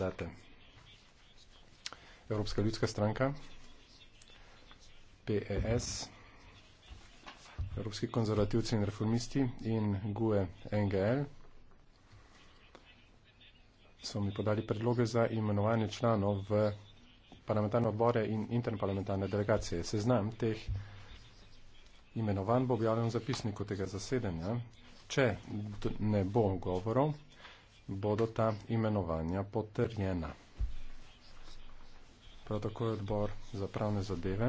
date. Evropska ljudska stranka, PES, Evropski konzervativci in reformisti in GUE NGL so mi podali predloge za imenovanje članov v parlamentarne odbore in interparlamentarne delegacije. Seznam teh imenovanj bo objavljen v zapisniku tega zasedanja. Če ne bo govorov, bodo ta imenovanja potrjena. Prav tako je odbor za pravne zadeve.